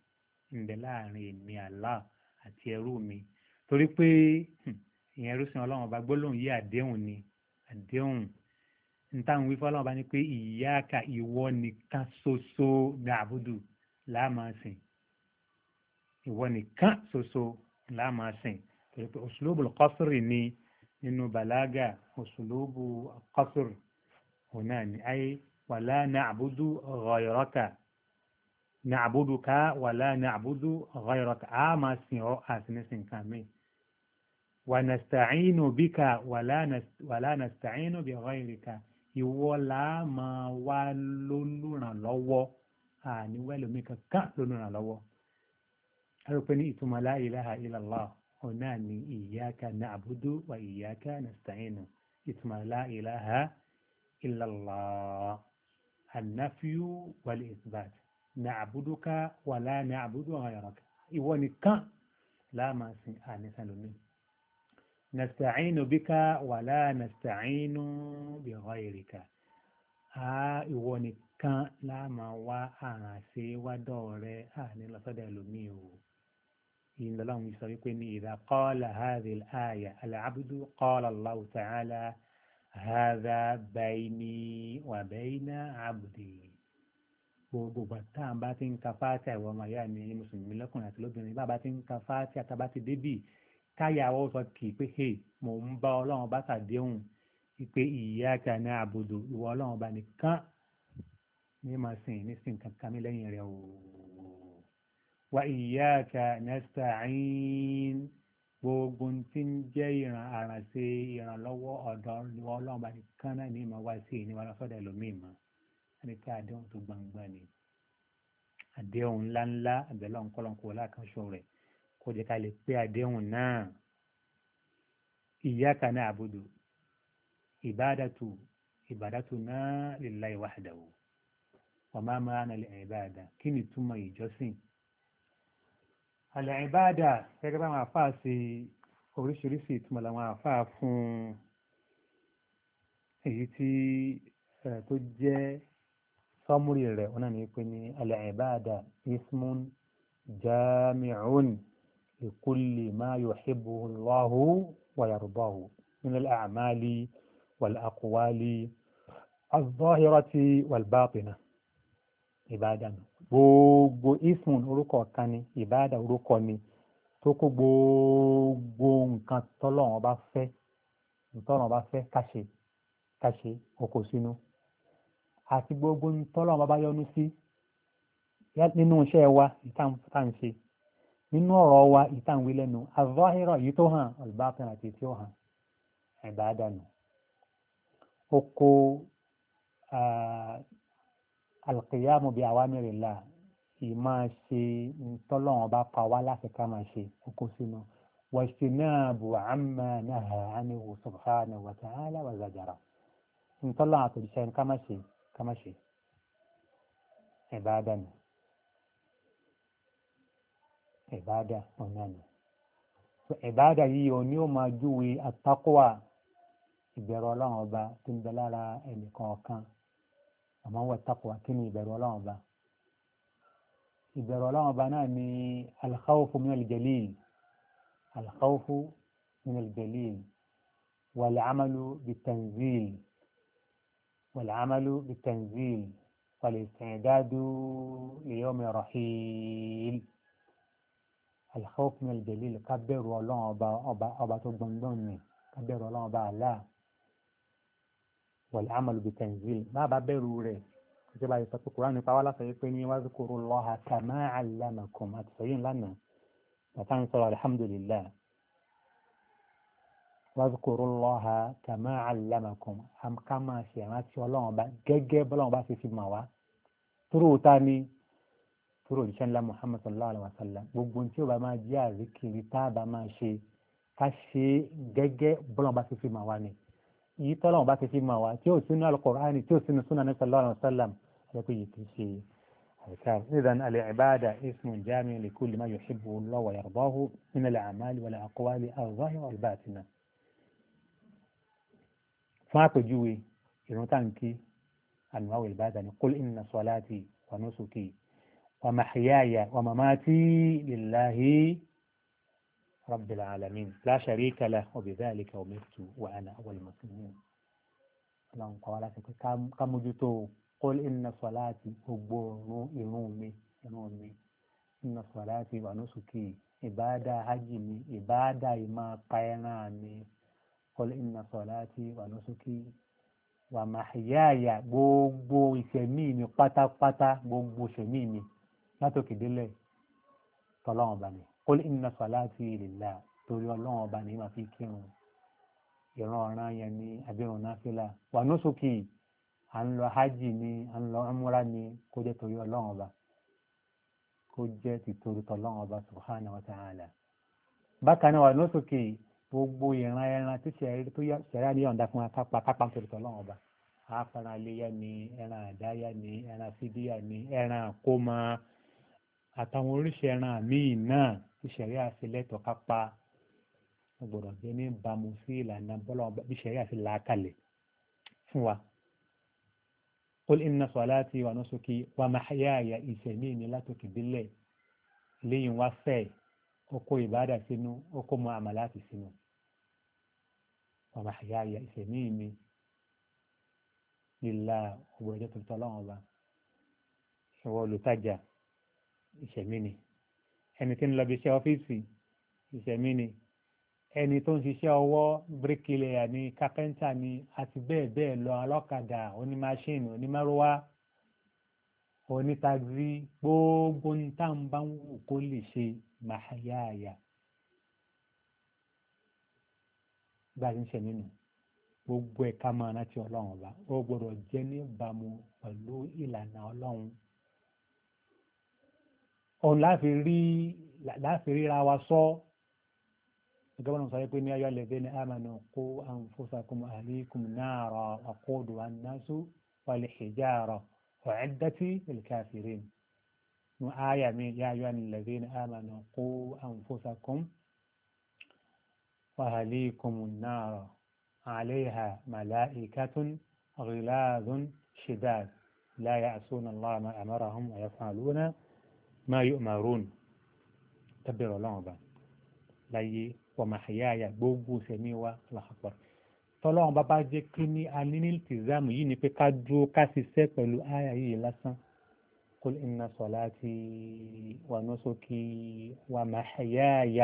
ń bẹ láàrin èmi Allah àti ẹrú mi torí pé hmm, ìyẹn ẹrú sin ọlọ́run ọba gbólóhùn yìí àdéhùn ni àdéhùn ntàwọn wífọ́ ọlọ́run ọba ní pé iyyaka ìwọ nìkan ṣoṣo na'budu la máa sìn ìwọ nìkan ṣoṣo la máa sìn torí pé uslubul qasri ni nínú balaga uslubu qasri òun náà ni ayé wala na'budu ghayraka nàbùdùkà wàlá nàbùdù ọ̀gáyọ̀rọ̀kà á máa sìn ọ́ àsìnísìn kan mi wà nàstàínù bíkà wàlá nàstàínù bí ọ̀gáyọ̀rọ̀kà ìwọ làá máa wá lólùrànlọ́wọ́ àníwẹ́lómi kankan lólùrànlọ́wọ́ arúgbó ní ìtumọ̀ la ilaha illallah ọ̀nà ni iyyaka na'budu wa iyyaka nasta'inu ìtumọ̀ la ilaha illallah annafiyu wal isbat nàbùdúkà wà láàánú àbùdú àwọn ẹ̀rọ̀kà ìwọ nìkan láàmásìn àníṣàn lómi nàstàínú bíkà wà láàánú nàstàínú bi ghayrika á ìwọ nìkan láàmà wá àrànṣe wádọ̀ rẹ ànílọ́sọ́dẹ̀ lómi o إن لهم يسرقني إذا قال هذه الآية العبد قال الله تعالى هذا بيني وبين عبدي gbogbo ìgbà tá à ń bá ti ń ka fáátì àwọn ọmọ ìyá mi mùsùlùmí lọ́kùnrin àti lóbìnrin bá a bá ti ń ka fáátì àtàbá ti débì táyà àwọn sọ kì í pé hey mò ń bá ọlọ́run bá ṣàdéhùn pé ìyá kan ní àbùdù ìwọ ọlọ́run bá nìkan ní máa sìn ní sìn kankan mi lẹ́yìn rẹ̀ ooo wa ìyáàkà nasta'in gbogbo tí ń jẹ́ ìran àrànṣe ìrànlọ́wọ́ ọ̀dọ̀ ìwọ ọlọ́run bá nìkan náà ní ìmọ̀ wá sí ìníwá lọ́sọ̀dọ̀ ẹlòmíì mọ́ ẹni pé àdéhùn tó gbangba ni àdéhùn ńláńlá àbẹ̀lẹ̀ ọ̀nkọ́lọ́nkọ́ wọlé àkànṣọ rẹ̀ kó jẹ́ ká lè pé àdéhùn náà iyyaka na'budu ìbádàtù ìbádàtù náà lillahi wahdahu wa ma ma'ana al-ibada kí ni túmọ̀ ìjọsìn al-ibada gẹ́gẹ́ bá àfáà ṣe oríṣiríṣi ìtumọ̀ làwọn àfáà fún èyí tí tó jẹ́ sọ́múrì rẹ̀ wọn náà ní pé ní al-ibada ismun jami'un li kulli ma yuhibbu Allahu wa yardahu min al-a'mali wal-aqwali az-zahirati wal-batina ìbáàdà nù gbogbo ismun orúkọ kan ni orúkọ ni tó kó gbogbo nǹkan tọ́lọ́run bá fẹ́ tọ́lọ́run bá fẹ́ káṣe káṣe oko sínú àti gbogbo tọ́lọ́run bàbá yọ́nú sí nínú iṣẹ́ wa ìtànṣe nínú ọ̀rọ̀ wa ìtànwé lẹ́nu azọ́hírọ̀ yìí tó hàn ọ̀lùbáfin àti tí ó hàn ìbádànù ó kó alqiyamu bi awamirillah ìmáa ṣe tọ́lọ́run bá pa wá láti ká máa ṣe ó kó sínú wajtinabu amma naha anhu subhanahu wa ta'ala wa zajara ntọ́lọ́run àtòjíṣẹ́ nǹkan máa ṣe ká má ṣe ẹ̀bá dànù ẹ̀bá dà ọ̀nà nù ẹ̀bá dà yìí òní ó máa júwe àtàkùwà ìbẹ̀rù ọlọ́run ọba tó ń bẹ lára ẹnìkan ọ̀kan àmọ́ wọ́n tàkùwà kí ni ìbẹ̀rù ọlọ́run ọba ìbẹ̀rù ọlọ́run ọba náà ni alkhawfu min aljalil alkhawfu min aljalil wal amalu bitanzil. والعمل بالتنزيل والاستعداد ليوم رحيل الخوف من الجليل كبر والله أبا أبا أبا تبندوني كبر والله أبا لا والعمل بالتنزيل ما ببروره كتب على القرآن فوالا سيقني واذكروا الله كما علمكم أتفين لنا فتنصر الحمد لله wazkurullaha kama allamakum ká máa ṣe ìrántí ọlọ́run ọba gẹ́gẹ́ bọ́lọ́run ọba ṣe fi mà wá tóró ta ni tóró òjíṣẹ́ ńlá muhammad sallallahu alayhi wa sallam gbogbo tí ó bá máa jẹ́ àríkìrí tá a bá máa ṣe ká ṣe gẹ́gẹ́ bọ́lọ́run ọba ṣe fi mà wá ni yìí tọ́lọ́run ọba ṣe fi mà wá tí ó sínú alukur'ani tí ó sínú sunan nabi sallallahu alayhi wa sallam alẹ́kùn yìí kì í ṣe الأذكار إذن العبادة اسم جامع لكل ما يحبه الله ويرضاه من الأعمال والأقوال الظاهرة والباطنة fún àpèjúwe ìrun táǹkì ànúwáwò ìbáàdà ni kul inna salati wa nusuki wa mahyaya wa mamati lillahi rabbil alamin la sharika lahu wa bidhalika umirtu wa ana awwal muslimin ọlọ́run kọ́ láti pé ká mójútó kul inna salati gbogbo ìrun mi ìrun mi inna salati wa nusuki ìbáàdà hajj mi ìbáàdà ìmọ̀ apá mi qul inna salati wa nusuki wa mahyaya gbogbo ìṣẹ̀mí mi pátápátá gbogbo ìṣẹ̀mí mi látòkè délẹ̀ tọ́lọ́run ọba ni qul inna salati lillah torí ọlọ́run ọba ni màá fi kírun ìran ọ̀ràn yẹn ni abirùn náfìlà wa nusuki à ń lọ hajj ni à ń lọ umra ni kó jẹ́ torí ọlọ́run ọba kó jẹ́ tìtorí tọ́lọ́run ọba subhanahu wa ta'ala bákan náà wa nusuki gbogbo ìran ẹran tí sẹ̀rẹ́ ní ọ̀dà fún akápa kápá nítorí tọ́lọ́wọ́n ọba afara iléyà ni ẹran àdáyà ni ẹran fídíà ni ẹran àkómọ àtàwọn oríṣi ẹran míì náà tí sẹ̀rẹ́ àṣelẹ́tọ̀ kápá gbọdọ̀ jẹ́ ní ìbámu sí ìlànà bọ́lọ́wọ́n bí sẹ̀rẹ́ àṣe làákàlẹ̀ fún wa. قل إن صلاتي ونسكي ومحياي إسميني لا تكبلي لين وفي ó kó ìbádà sínú ó kó mọ àmàláàtì sínú ọmọ àyà àyà ìsẹ̀mí mi lílà ọgbọ̀njọ́ tuntun ọlọ́run ọba ìwọ olùtajà ìsẹ̀mí ni ẹni tí ń lọ bí iṣẹ́ ọ́fíìsì ìsẹ̀mí ni ẹni tó ń ṣiṣẹ́ ọwọ́ bíríkìlẹ̀yà ni kápẹ́ńtà ni àti bẹ́ẹ̀ bẹ́ẹ̀ lọ alọ́kadà onímáṣíìnì onímárúwá gbogbo ń tá à ń bá wù màháyáyà bá a ti ń ṣe nínú gbogbo ẹ̀ka máa rántí ọlọ́run ọba ó gbọ́dọ̀ jẹ́ níbàámu pẹ̀lú ìlànà ọlọ́run òun láfi rí láfi ríra wa sọ gẹ́gẹ́ bọ́n sọ pé ní ayọ́ lẹ́gbẹ́ ní amànà kó anfusakum ahlikum nara waqoduha annasu wal hijara ọ̀ẹ́dẹ́tì lil kafirin nu aya mi ya ayu alladhina amanu qu anfusakum wa ahlikum an-nara alayha malaikatun ghiladun shidad la ya'suna allaha ma amarahum wa yaf'aluna ma yu'marun tabbir Ọlọ́run ba láyé wa mahayaya gbogbo sẹmi wa làkàkọ tọlọ́run bá bá jẹ kí ni a ní ní tìzámù yìí ni pé ká dúró ká ṣiṣẹ́ pẹ̀lú aya yìí lásán قل إن صلاتي ونسكي ومحياي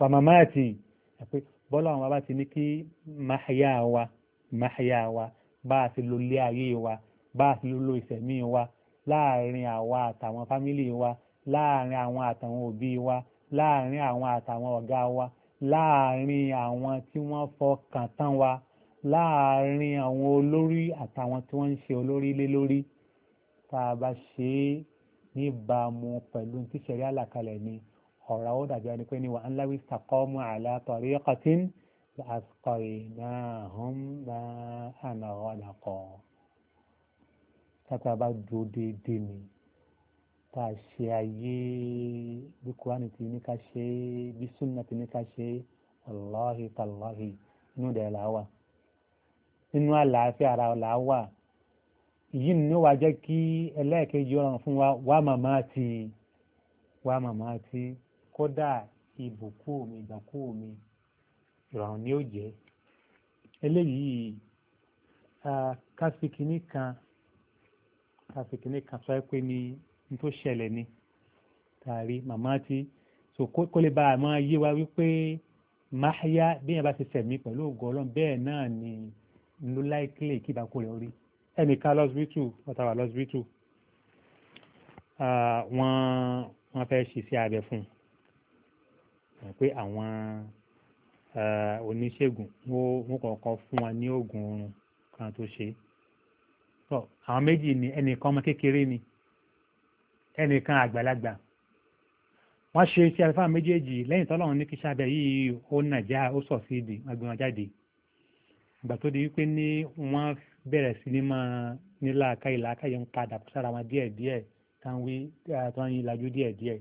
ومماتي bọ́lá àwọn bàbá ti ní kí máhíyá wa máhíyá wa bá a ti lo ilé ayé wa bá a ti lo ìsẹ̀mí wa láàrin àwa àtàwọn fámìlì wa láàrin àwọn àtàwọn òbí wa láàrin àwọn àtàwọn ọ̀gá wa láàrin àwọn tí wọ́n fọkàn tán wa láàrin àwọn olórí àtàwọn tí wọ́n ń ṣe olórí lé lórí tá a bá ṣe é níbàámu pẹ̀lú tí ṣẹ̀rí àlàkalẹ̀ ni ọ̀rọ̀ ó dàbí ẹni pé ní wa an law istaqamu ala tariqatin la asqaynahum ma'an ghadaqa tá a bá dúró déédéé ni tá a ṣe ayé bí kúránì ti ní ká ṣe é bí súnà ti ní ká ṣe é wallahi tallahi inú ìdẹ̀rẹ̀ làá wà nínú àlàáfíà ara làá wà èyí ni ó wá jẹ́ kí ẹlẹ́ẹ̀kejì ọ̀ràn fún wa wá màmá ti wá màmá ti kódà ìbùkú mi ìgbàkú mi ìrọ̀rùn ni ó jẹ́ eléyìí kásìkìní kan kásìkìní kan sọ pé ní n tó ṣẹlẹ̀ ni tàrí màmá ti so kó lè ba àmọ́ yé wa wípé máyá bí yẹn bá ti sẹ̀mí pẹ̀lú ògo ọlọ́run bẹ́ẹ̀ náà ni ló láìkílè kí ìbákú rẹ̀ rí ẹnìkan lọ́sibítù ọ̀tàwà lọ́sibítù wọ́n wọ́n fẹ́ ṣiṣẹ́ abẹ fún un pé àwọn oníṣègùn wọ́n kọ̀ọ̀kan fún wa ní oògùn oorun kan tó ṣe tọ́ àwọn méjì ni ẹnìkan ọmọ kékeré ni ẹnìkan àgbàlagbà wọ́n ṣe iṣẹ́ abẹ fáwọn méjèèjì lẹ́yìn tọ́lọ́run ní kí iṣẹ́ abẹ yìí ó nàjà ó sọ̀sídìí wọ́n gbé wọn jáde ìgbà tó di wípé ní wọ́n bẹ̀rẹ̀ sí ní máa ní làákàyè làákàyè ń padà sára wọn díẹ̀díẹ̀ táwọn tó ń lajú díẹ̀díẹ̀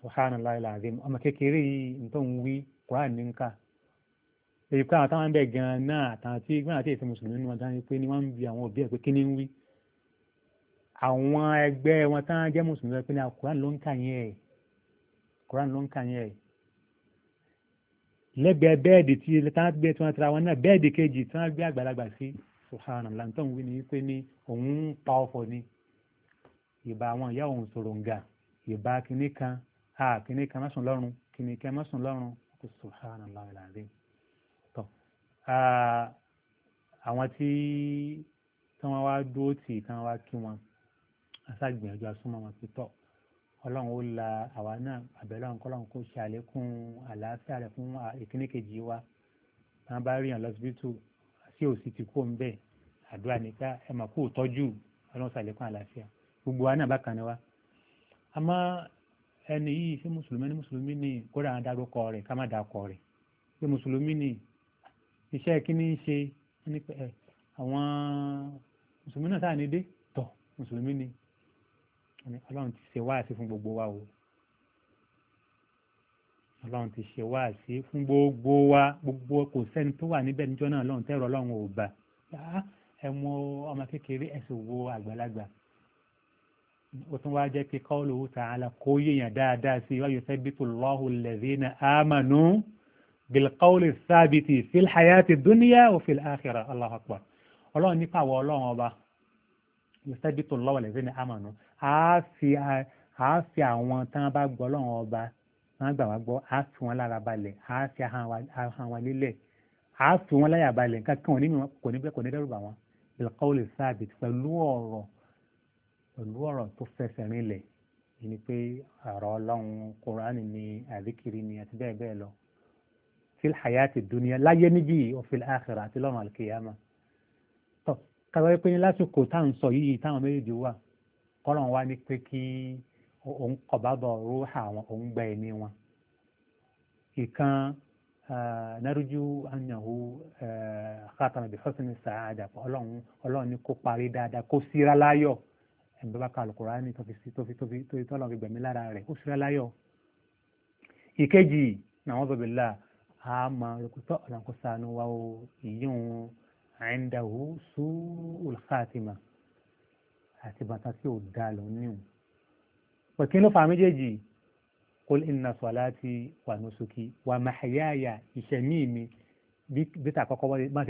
subhanallah alazim ọmọ kékeré yìí nítorí òun wí Quran ní nǹka èyí pé àwọn táwọn bẹ̀ gan-an náà àtàwọn tí gbọ́dọ̀ àti èsì mùsùlùmí ni wọ́n dá ní pé ni wọ́n ń bi àwọn òbí ẹ̀ pé kí ni ń wí àwọn ẹgbẹ́ wọn tán jẹ́ mùsùlùmí ẹ̀ pé ni Quran ló ń kà yẹn Quran ló ń kà yẹn ẹ̀ lẹ́gbẹ̀ẹ́ bẹ́ẹ̀dì tí tán gbé tí wọ́n tara wọn náà bẹ́ẹ̀dì kejì tí wọ́n gbé àgbàlagbà sí subhanallah tó ń wí ni wípé ní òun ń pa ọ̀fọ̀ ni ìbá àwọn ìyá òun sòròǹgà ìbá kinní kan a kinní kan mọ́sùn lọ́rùn kinní kan mọ́sùn lọ́rùn kò subhanallah ìlàrí tọ́ àwọn tí tán wá dúró tì tán wá kí wọn aṣáàgbìyànjú asúnmọ́ wọn pé tọ́ ọlọ́run ó la àwa náà àbẹ̀lẹ́ ọ̀nkọ́ ọlọ́run kò ṣe àlékún àlàáfíà rẹ̀ fún ìkíní kejì wa tá a bá rí yàn tí ò sì ti kó ń bẹ́ẹ̀ àdúrà ní ká ẹ mà kó tọ́jú ọlọ́run sàlékún àlàáfíà gbogbo wa náà bákan ni wa. àmọ́ ẹni yìí ṣé mùsùlùmí ni mùsùlùmí ni kódà àwọn adarúkọ rẹ̀ ká má dakọ rẹ̀ ṣé mùsùlùmí ni iṣẹ́ kíní ń ṣe àwọn mùsùlùmí náà sáà ní dé tọ̀ mùsùlùmí ni ọlọ́run ti ṣe wáàsí fún gbogbo wa o ọlọ́run ti ṣe wá sí fún gbogbo wa gbogbo kò sẹ́ni tó wà níbẹ̀ níjọ́ náà lọ́run tẹ́rọ ọlọ́run ò bá ẹ mọ ọmọ kékeré ẹ̀sìn wo àgbàlagbà ó tún wá jẹ́ pé kọ́ọ̀lù ta'ala kó yéèyàn dáadáa sí wa yuthabbitu Allahu alladhina amanu bilqawli thabiti fil hayati dunya wa fil akhirah Allahu akbar ọlọ́run nípa àwọn ọlọ́run ọba yuthabbitu Allahu alladhina amanu àá fi àwọn tán bá gbọ́ ọlọ́run ọba wọ́n gbà wá gbọ́ á fi wọn lára balẹ̀ á fi ahọ́n wa lélẹ̀ á fi wọn láyà balẹ̀ kankan òní kò ní bẹ́ẹ̀ kò ní dẹ́rù bà wọ́n ìlọ́kọ́wọ́lẹ̀ sáàbìtì pẹ̀lú ọ̀rọ̀ pẹ̀lú ọ̀rọ̀ tó fẹsẹ̀ rinlẹ̀ ni pé ọ̀rọ̀ ọlọ́run kùránì ni àdìkiri ni àti bẹ́ẹ̀ bẹ́ẹ̀ lọ fil hayati dunya láyé níbí o fil àti lọ́run àlùkìyàmà tó kàwé pé lásìkò táwọn sọ yìí táwọn méjèèjì wà kọ́lọ́run wá ní pé kí òun kọ̀bábọ̀ rúhà wọn òun gba ẹ̀mí wọn. ìkan nárójú àyànwó khatama bi husni sa'ada ọlọ́run ọlọ́run ní kó parí dáadáa kó síra láyọ̀ ẹ̀bẹ̀ bá ka Al-Qur'ani tó fi tó fi tó fi fi tọ́lọ̀ lára rẹ̀ kó síra láyọ̀. ìkejì náà bẹ̀bẹ̀ la a máa rẹ̀kútọ́ ọ̀làn wa o ìyíhun àìndáwó su'ul khatima àti bàtà tí ò dáa lọ níhùn pẹ̀kínú fa méjèèjì kul inna salati wa nusuki wa mahyaya ìṣẹ̀mí mi bí tàkọ́kọ́ bá ṣe